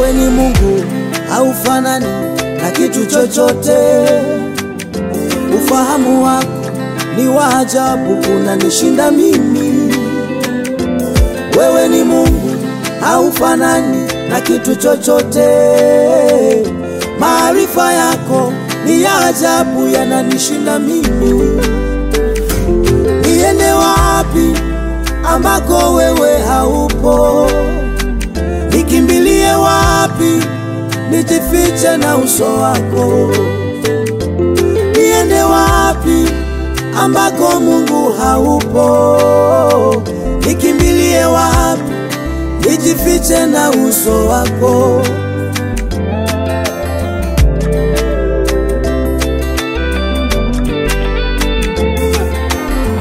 wewe ni Mungu haufanani na kitu chochote. Ufahamu wako ni wa ajabu, unanishinda mimi. Wewe ni Mungu haufanani na kitu chochote. Maarifa yako ni ya ajabu, yananishinda mimi. Niende wapi ambako wewe wapi nijifiche na uso wako? Niende wapi ambako Mungu haupo? Nikimbilie wapi nijifiche na uso wako?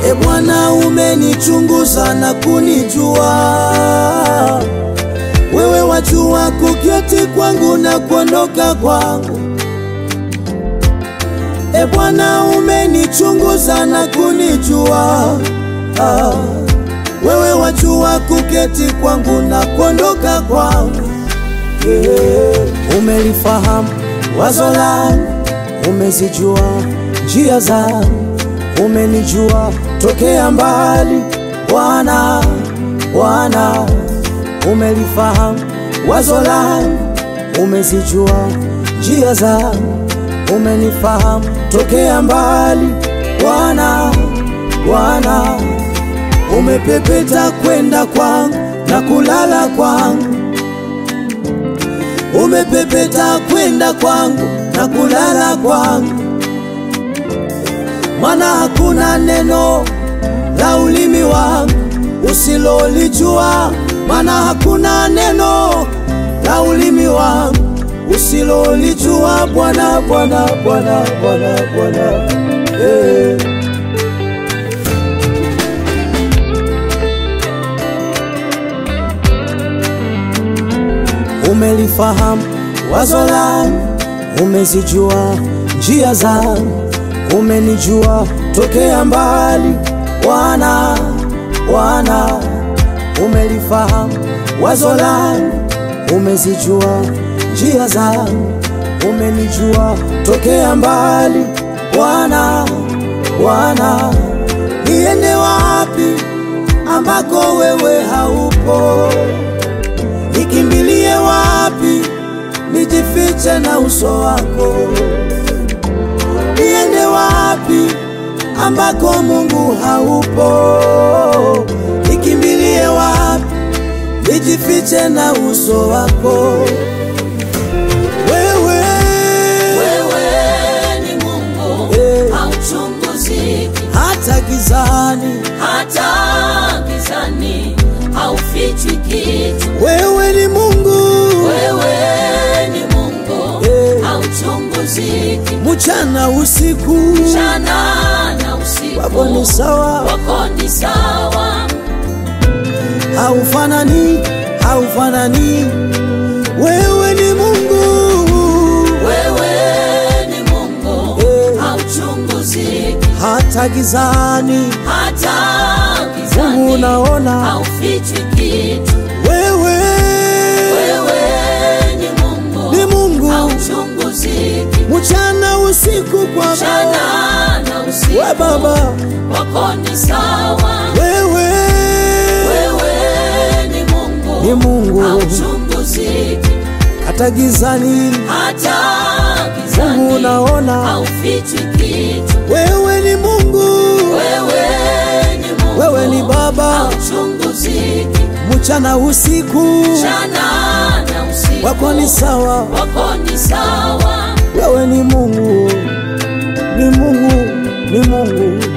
E Bwana, umenichunguza na kunijua Wajua kuketi kwangu na kuondoka kwangu. E Bwana, umenichunguza na kunijua ah. Wewe wajua kuketi kwangu na kuondoka kwangu yeah. Umelifahamu wazo langu, umezijua njia zangu, umenijua tokea mbali Bwana, Bwana umelifahamu wazo langu, umezijua njia zangu, umenifahamu tokea mbali. Bwana, Bwana, umepepeta kwenda kwangu na kulala kwangu, umepepeta kwenda kwangu na kulala kwangu, mana hakuna neno la ulimi wangu usilolijua, mana hakuna neno na ulimi wangu usilolijua Bwana, Bwana, Bwana, Bwana, Bwana, hey. Eh. Umelifahamu wazo langu, umezijua njia zangu, umenijua tokea mbali. Bwana, Bwana, umelifahamu wazo langu umezijua njia zangu, umenijua tokea mbali. Bwana, Bwana, niende wapi ambako wewe haupo? Nikimbilie wapi nijifiche na uso wako? Niende wapi ambako Mungu haupo? nijifiche na uso wako wewe. Wewe ni Mungu hey, eh. hauchunguziki hata gizani, hata gizani haufichwi kitu. Wewe ni Mungu, wewe ni Mungu hey, eh. hauchunguziki mchana usiku, mchana na usiku wako ni sawa, wako ni sawa haufanani, haufanani, wewe ni Mungu, wewe ni Mungu eh, hauchunguziki hata gizani, hata gizani, Mungu unaona, haufichi kitu wewe, wewe ni Mungu, ni Mungu hauchunguziki mchana usiku kwa mchana usiku, we Baba wako ni sawa ni Mungu, hata gizani Mungu unaona, wewe ni Mungu, wewe ni, Mungu. Wewe ni Baba mchana usiku, usiku wako ni sawa, wewe ni Mungu, ni Mungu, ni Mungu